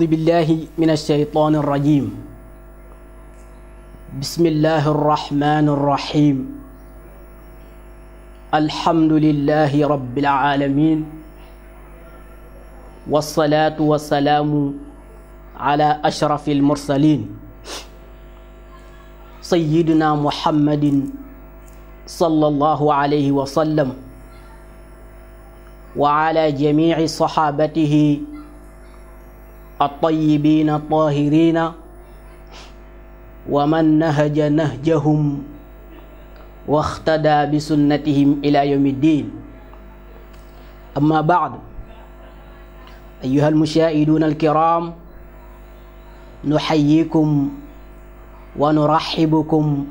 أعوذ بالله من الشيطان الرجيم بسم الله الرحمن الرحيم الحمد لله رب العالمين والصلاة والسلام على أشرف المرسلين سيدنا محمد صلى الله عليه وسلم وعلى جميع صحابته الطيبين الطاهرين ومن نهج نهجهم واختدى بسنتهم إلى يوم الدين أما بعد أيها المشاهدون الكرام نحييكم ونرحبكم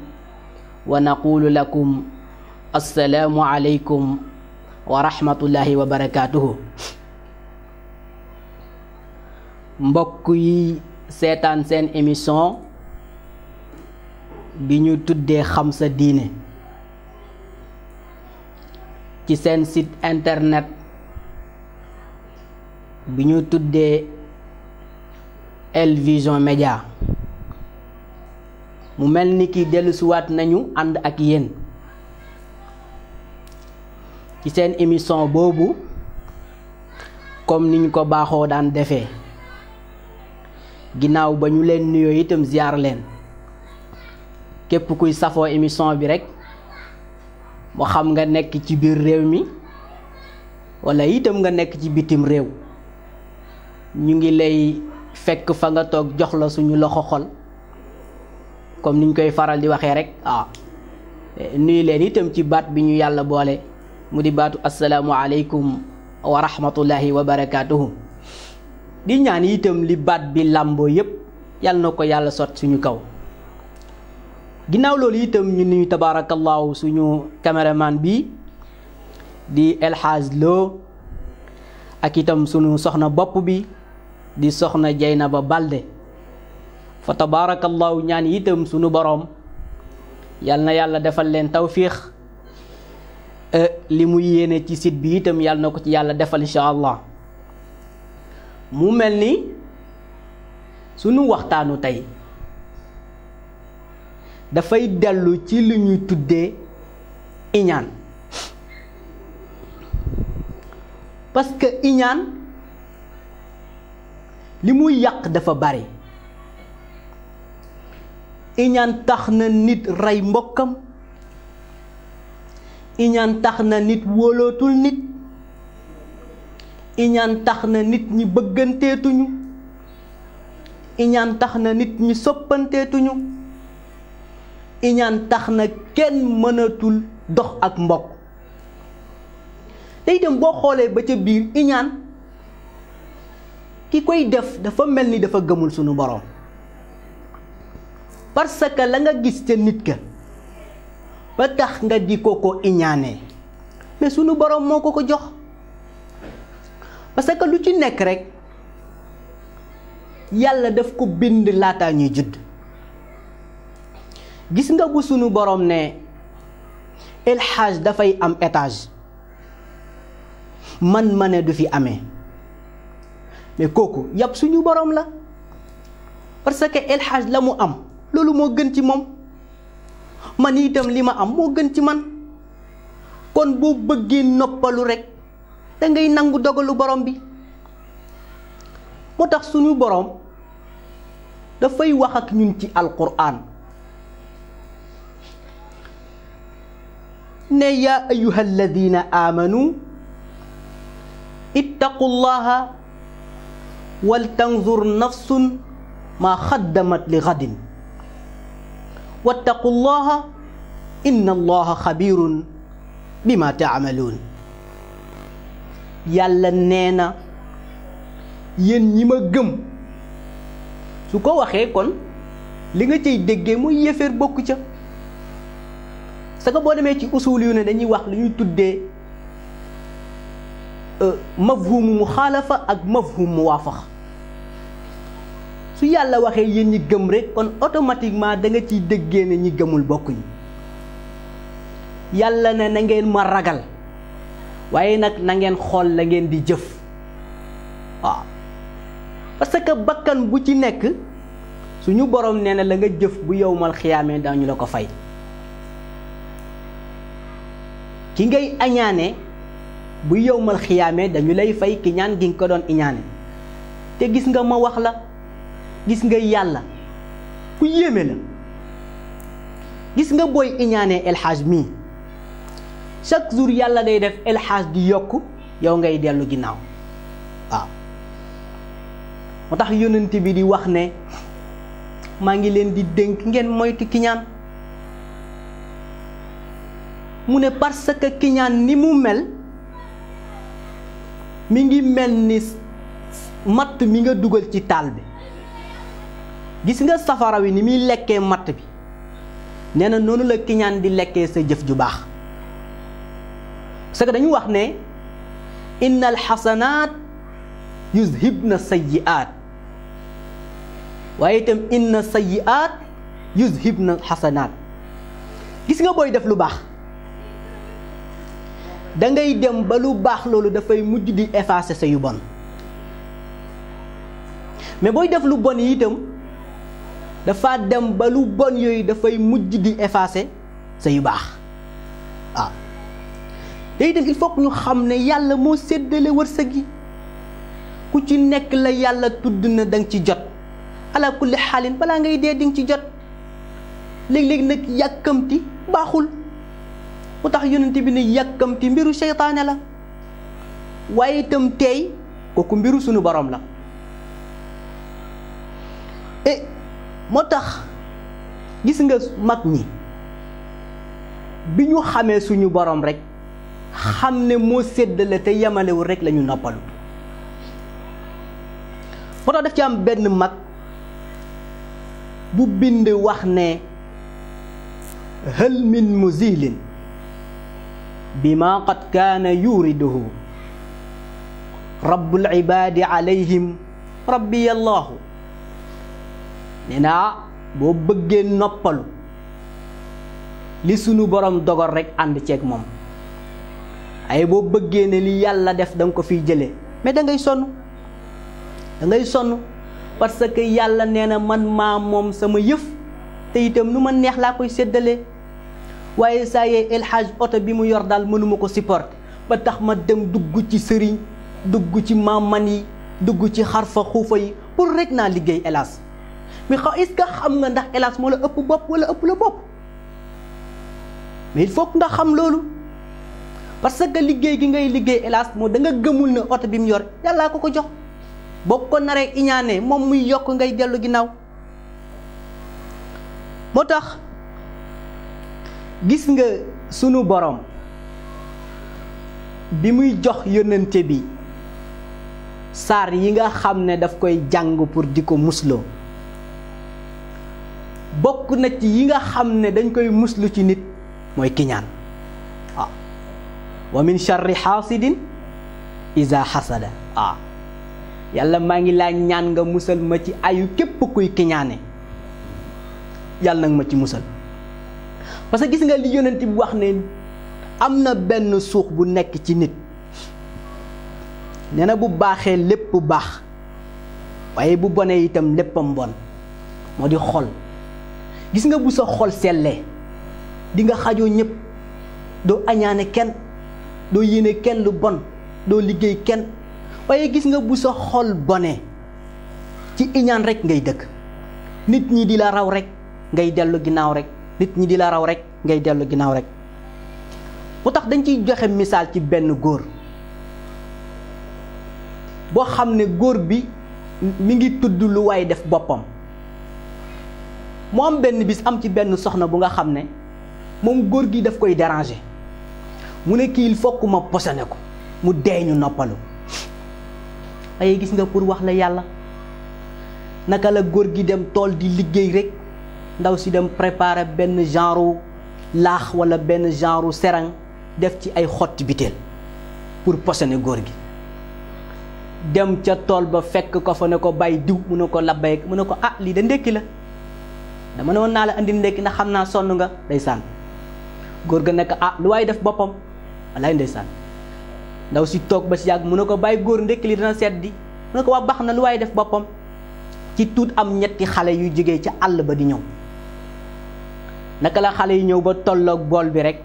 ونقول لكم السلام عليكم ورحمة الله وبركاته mbokk yi seetaan seen émission bi ñu tuddee xam sa diine ci seen sit internet bi ñu tuddee Elvision Média mu mel ni ki dellusiwaat nañu ànd ak yéen ci seen émission boobu comme ni ñu ko baaxoo daan defee ginnaaw ba ñu leen nuyoo itam ziar leen képp kuy safoo émission bi rek mu xam nga nekk ci biir réew mi wala itam nga nekk ci bitim réew ñu ngi lay fekk fa nga toog jox la suñu loxo xol comme niñ koy faral di waxee rek ah nuyu leen itam ci baat bi ñu yàlla boole mu di baatu asalaamualeykum wa rahmatullahi wa barakaatuhu. di ñaan itam li baat bi làmboo yépp yàlla na ko yàlla sot suñu kaw ginnaaw loolu itam ñu nuyu tabaarakallaahu suñu caméraman bi di elhaj loo ak itam suñu soxna bopp bi di soxna jay na ba Balde fa tabaarakallaahu ñaan itam suñu boroom yal na yàlla defal leen tawfiix eh, li mu yéene ci sit bi itam yal na ko ci yàlla defal incha allah mu mel ni sunu waxtaanu tey dafay dellu ci li ñuy tuddee iñaan parce iñaan li muy yàq dafa bari iñaan tax na nit rey mbokkam iñaan tax na nit wóolootul nit iñan taxna nit ñi bëggante tuñu iñan taxna nit ñi soppante tuñu iñan taxna kenn mënatul dox ak mbokk te dem bo xolé ba ca biir iñan ki koy def dafa melni ni dafa gëmul suñu borom parce que la nga gis ci nit ka ba tax nga di ko ko mais suñu borom moko ko jox parce que lu ci nekk rek yàlla daf ko bind laataa ñuy judd gis nga bu sunu borom ne elhaj dafay am étage man ma ne du fi ame mais kooku yàpp suñu borom la parce que elhaj la mu am loolu moo gën ci moom man itam li ma am moo gën ci man kon boo bëggee noppalu rek té ngay nangu dogalu borom bi motax suñu borom da fay wax ak ñun ci alquran ne ya ayuha alladina amanu ittaqullaha llaha waltanzur nafsun ma xaddamat li gadin wattaqu llaha inna allaha xabirun bima taamaluun yàlla nee na yéen ñi ma gëm su ko waxee kon li nga cay déggee muy yéeféer bokk ca sa boo demee ci usul yu ne dañuy wax lu ñuy tuddee euh, mafhumu mu xaalafa ak mafhum mu waafax su yàlla waxee yéen ñi gëm rek kon automatiquement da nga ciy déggee ne ñi gëmul bokk yi yàlla ne na ngeen ma ragal waaye nag nangeen xool la ngeen di jëf waaw parce que bakkan bu ci nekk suñu boroom nee na la nga jëf bu yowmal xiyaamee dañu la ko fay ki ngay añaane bu yowmal xiyaamee dañu lay fay kiñaan gi nga ko doon iñaane te gis nga ma wax la gis nga yàlla ku yéeme la gis nga booy iñaanee El Hadj mii chaque jour yalla day def elxaaj di yokku yow ngay delu ginaaw wa motax yonenti bi di wax ne ma ngi len di denk ngeen moytu kiñaan mune parce que kiñaan ni mu mel mi ngi mel ni mi nga dugal ci taal bi gis nga safara wi ni mi lekke mat bi nee nonu la kiñaan di lekke sa jëf ju bax parce que dañu wax ne inna alxasanaat yuzhibna sayyi'aat waaye itam inna sayyi'aat na xasanaat gis nga booy def lu baax dangay dem ba lu baax loolu dafay mujj di effacer sa bon mais booy def lu bon yi itam dafa dem ba lu bon yooyu dafay mujj di effacer sa yu baax ah. tey def il faut ñu xam ne yàlla moo séddale wërsëg yi ku ci nekk la yàlla tudd na da nga ci jot ala kulli xaalin balaa ngay dee di ci jot léeg-léeg nag yàkkamti baaxul mu tax yonent bi ne yàkkamti mbiru seytaane la waaye itam tey kooku mbiru sunu boroom la eh, moo tax gis nga mag ñi bi ñu xamee suñu borom rek xam ne moo séddale te yamalewu rekk la ñu noppalu moo tax daf ci am benn mag bu bind wax ne hal min muzilin bi ma qad kaana yuriduhu rabbul ibaadi alayhim rabbi nee naa boo bëggee noppalu li sunu borom dogal rekk ànd ceeg moom ay boo bëggee ne li yàlla def danga ko fiy jëlee mais da ngay sonn da ngay sonn parce que yàlla nee na man maa moom sama yëf te itam lu ma neex laa koy séddalee waaye saa yee El oto bi mu yor daal mënuma ko sipport ba tax ma dem dugg ci sëriñ dugg ci maman yi dugg ci xarfa xuufa yi pour rek naa liggéey hélas mais xaw est xam nga ndax hélas moo la ëpp bopp wala ëpp la bopp mais il faut xam loolu parce que liggéey gi ngay liggéey hélas moo da nga gëmul ne oto bi mu yor yàllaa ko ko jox boo ko naree iñaane moom muy yokk ngay dellu ginnaaw moo tax gis nga sunu borom bi muy jox yónnante bi saar yi nga xam ne daf koy jàng pour di ko musloo bokk na ci yi nga xam ne dañ koy muslu ci nit mooy kiñaan wa min charri xaasidin isa xasada ah yàlla maa ngi laa ñaan nga musal ma ci ayu képp kuy kiñaane yàlla nag ma ci musal parce que gis nga li yonent bi wax ne am na benn suux bu nekk ci nit nee bu baaxee lépp baax waaye bu bonee itam léppam bon moo di xol gis nga bu sa xol sellee dinga xajoo ñëpp doo añaane kenn Do yene kenn lu bon do liggey kenn waye gis nga bu sa xol boné ci iñan rek ngay dëkk nit ñi di la raw rek ngay delu ginaaw rek nit ñi di la raw rek ngay delu ginaaw rek mu tax dañ ci joxe misal ci benn goor bo xam goor bi mi ngi tuddu lu way def bopam mo am benn bis am ci benn soxna bu nga xam mom goor gi daf koy déranger mu ne kii il ma posone ko mu dee ñu noppalu waaye gis nga pour wax la yàlla naka la góor gi dem tool di liggéey rek ndaw si dem prépare benn genre laax wala benn genre seran def ci ay xotti biteel pour posone góor gi dem ca tool ba fekk ko fa ne ko bay diw mu ne ko labbay mu ne ko ah lii da ndekki la dama ne woon naa la andi ndekki ndax xam naa sonn nga day sànn góor ga nekk ah lu waay def boppam wallaay ndaysan ndaw si tok ba si yag mu ne ko bàyyi góor li dana seddi mu ne ko waa lu way def bopam ci tout am ñetti xalé yu jige ci all ba di ñew naka la xalé yi ñew ba tollok bol bi rek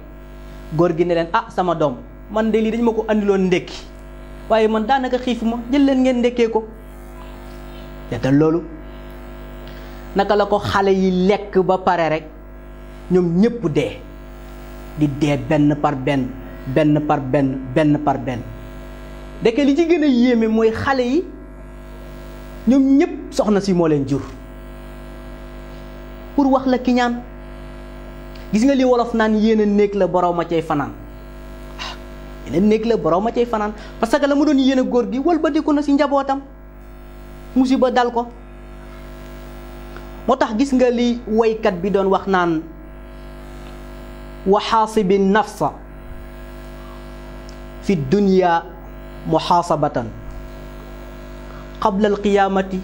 gor gi ne len ah sama dom man de li dañ mako andilon ndek waye man daanaka xiif ma jël len ngeen ndekkee ko seetal ya lolu naka la ko xalé yi lek ba pare rek ñom ñepp dee di dé ben par ben ben par ben ben par de deke li ci gëna yéme moy xalé yi ñom ñëpp soxna si mo leen jur pour wax la kiñaan gis nga li wolof naan yéne a la borom ma cey fanan ene a ah, la borom ma cey fanan parce que la mu doon gi ba di ko na ci njabotam musiba dal ko motax gis nga li kat bi doon wax naan wa hasibin nafsa fi dunya muhasabatan qabla al qiyamati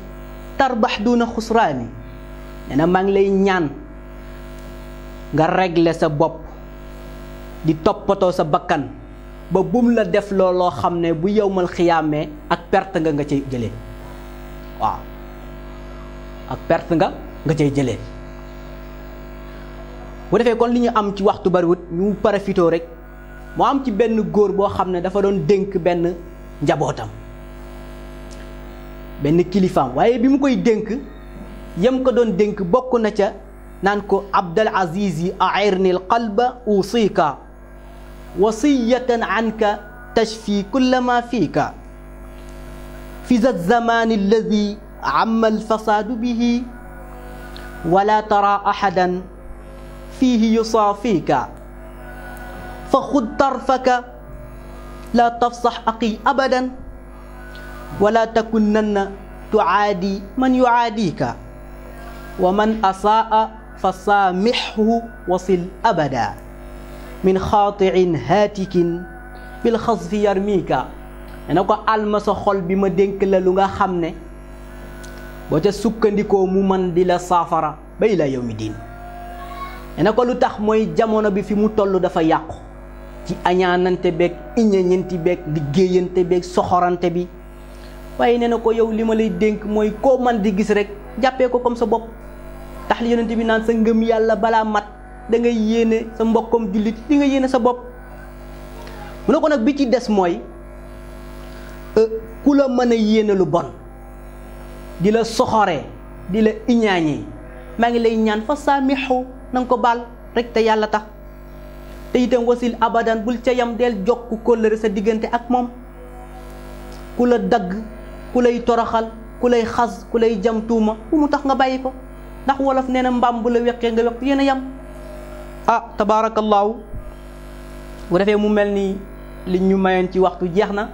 tarbah duna khusrani neena mang lay ñaan nga régler sa bop di toppatoo sa bakkan ba bum la def lo lo xamne bu yowmal qiyamé ak perte nga nga cey jëlé wa ak perte nga nga cey jëlé bu defé kon li ñu am ci waxtu wut ñu parafito rek mo am ci benn góor boo xam ne dafa doon dénk benn njabootam benn kilifaam waaye bi mu koy dénk yam ko doon dénk bokk na ca naan ko abdal aziz yi airni l qalba usika wasiyatan anka tashfi kulla ma fiika fi za zaman alladi amma alfasaadu bihi wala tara ahadan fiihi yusaafika فخذ طرفك لا تفصح أقي أبدا ولا تكنن تعادي من يعاديك ومن أساء فسامحه وصل أبدا من خاطع هاتك بالخصف يرميك أنا أقول ألمس خلبي ما دينك للغا خمني بوتا سكنديكو مومن دي لا صافرا بي لا يوم الدين انا كو لوتاخ موي جامونو بي في مو تولو دا فا يقو ci añaanante beeg iñañanti beeg liggéeyante beeg soxorante bi waaye nee na ko yow li ma lay dénk mooy koo man di gis rek jàppee ko comme sa bopp tax li yonent bi naan sa ngëm yàlla balaa mat dangay ngay yéene sa mbokkam jullit li nga yéene sa bopp mu ne ko nag bi ci des mooy euh, ku la mën a yéene lu bon di la soxore di la iñaañee maa ngi lay ñaan fa saamixu na nga ko baal rek te yàlla tax te itam wasil abadan bul ca yam del jokk kóllëre sa diggante ak moom ku la dagg ku lay toroxal ku lay xas ku lay jam tuuma bu mu tax nga bàyyi ko ndax wolof nee na mbaam bu la weqee nga weq yéen a yam ah tabaarakallaahu bu defee mu mel nii li ñu mayoon ci waxtu jeex na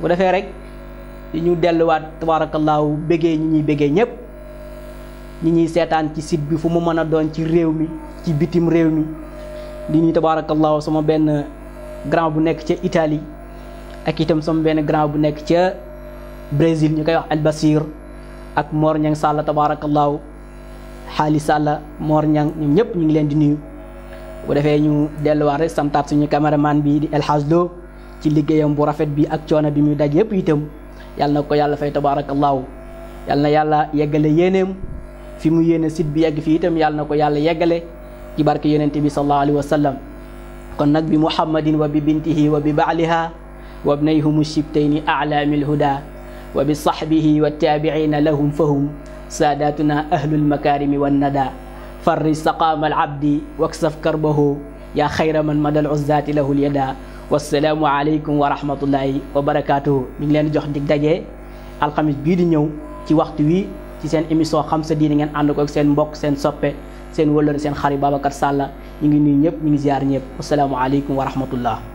bu defee rek di ñu delluwaat tabaarakallaahu bëggee ñi ñuy bëggee ñépp ñi ñuy seetaan ci sit bi fu mu mën a doon ci réew mi ci bitim réew mi di ñuy tabaarakallaahu sama benn grand bu nekk ca Italie ak itam sama benn grand bu nekk ca Brésil ñu koy wax Albasir ak Mor Ñang Sàlla tabaarakallaahu xaali Sàlla Mor Ñang ñoom ñëpp ñu ngi leen di nuyu bu defee ñu delluwaat rek santaat suñu caméraman bi di El ci liggéeyam bu rafet bi ak coono bi muy daj yëpp itam yàlla na ko yàlla fay tabaarakallaahu yàlla na yàlla yeggale yéeneem fi mu yéene site bi yegg fii itam yàlla na ko yàlla yeggale ci barke yonent bi sallallahu alayhi wa kon nag bi muhammadin wa bi bintihi wa bi ba'liha wa bnayhum shibtayni a'laami alhuda wa bi sahbihi wa taabiina lahum fahum saadatuna makarimi almakarimi nada farri saqaama alabdi waksaf karbahu ya xayra man mada aluzzaati lahu lyada wassalaamu aleykum wa rahmatullahi wa barakatuh ñu ngi leen jox dig daje alxamis bii di ñëw ci waxtu wi ci seen émission xam sa diine ngeen ànd ko ak seen mbokk seen soppe sen wëllër sen xari babakar Sall ñi ngi nuyu ñëpp ñi ngi ziar ñëpp alaykum wa rahmatullah